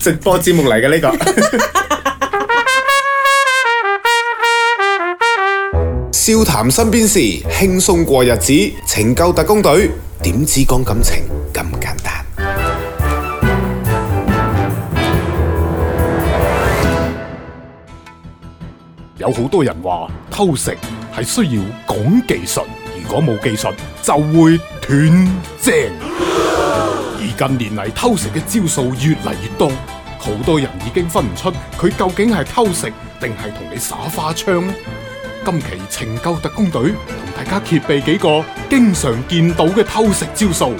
直播節目嚟嘅呢個，笑談身邊事，輕鬆過日子，情救特工隊，點止講感情咁簡單？有好多人話偷食係需要講技術，如果冇技術就會斷正。近年嚟偷食嘅招數越嚟越多，好多人已經分唔出佢究竟係偷食定係同你耍花槍咧。今期情救特工隊同大家揭秘幾個經常見到嘅偷食招數。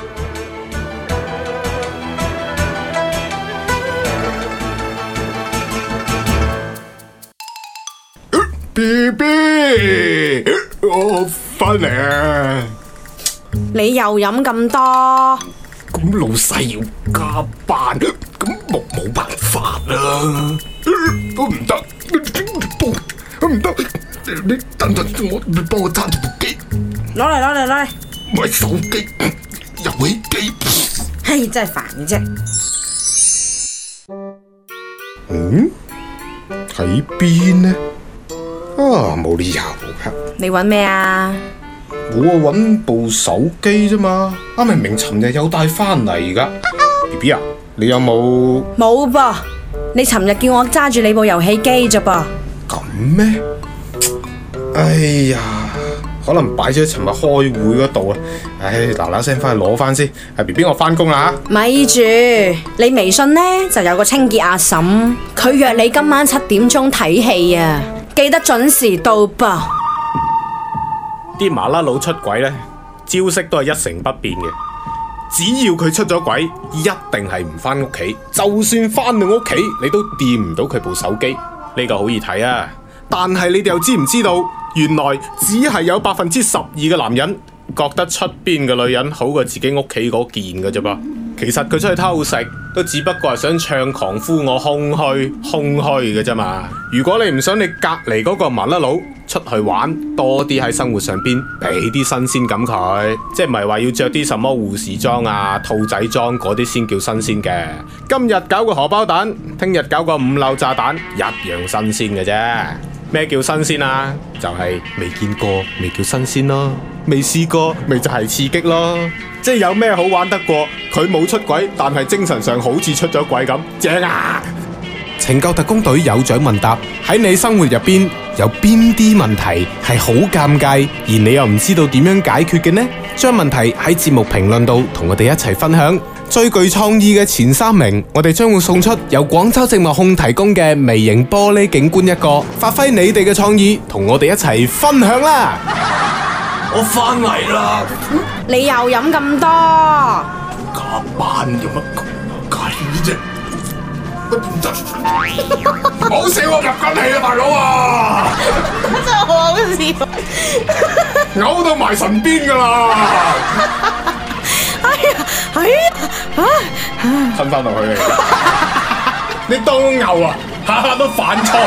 BB，我翻嚟。你又飲咁多？咁老細要加班，咁冇冇辦法啦？都唔得，我唔得，你等陣我，你幫我揸住部機。攞嚟，攞嚟，攞嚟。買手機、遊戲機。嘿，真係煩啫。嗯？喺邊呢？啊，冇理由。你揾咩啊？我搵部手機啫嘛，啱明明尋日有帶翻嚟噶。B B 啊，你有冇？冇噃，你尋日叫我揸住你部遊戲機咋噃。咁咩？哎呀，可能擺咗喺尋日開會嗰度啊。唉，嗱嗱聲翻去攞翻先。阿 B B，我翻工啦。咪住，你微信咧就有個清潔阿嬸，佢約你今晚七點鐘睇戲啊，記得準時到噃。啲馬拉佬出軌呢，招式都係一成不變嘅。只要佢出咗軌，一定係唔返屋企。就算返到屋企，你都掂唔到佢部手機。呢個好易睇啊！但係你哋又知唔知道，原來只係有百分之十二嘅男人覺得出邊嘅女人好過自己屋企嗰件㗎啫噃。其實佢出去偷食都只不過係想唱狂呼我空虛空虛嘅啫嘛。如果你唔想你隔籬嗰個麻甩佬出去玩多啲，喺生活上邊俾啲新鮮感佢，即係唔係話要着啲什麼護士裝啊、兔仔裝嗰啲先叫新鮮嘅。今日搞個荷包蛋，聽日搞個五柳炸蛋，一樣新鮮嘅啫。咩叫新鮮啊？就係、是、未見過，未叫新鮮咯。未試過，咪就係刺激咯！即係有咩好玩得過佢冇出軌，但係精神上好似出咗軌咁，正啊！情救特工隊有獎問答，喺你生活入邊有邊啲問題係好尷尬，而你又唔知道點樣解決嘅呢？將問題喺節目評論度同我哋一齊分享，最具創意嘅前三名，我哋將會送出由廣州植物控提供嘅微型玻璃景觀一個，發揮你哋嘅創意，同我哋一齊分享啦！我翻嚟啦！你又飲咁多？加班用乜咁鬼啫？唔得！冇笑我夾緊你啦，大佬啊！真係好好笑！嘔到埋神邊噶啦！哎呀，哎呀，吓！吞翻落去你當牛啊！下下都犯錯。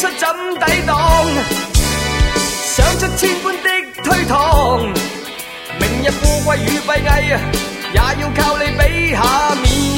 出怎抵擋，想出千般的推搪，明日富貴與閉翳，也要靠你俾下面。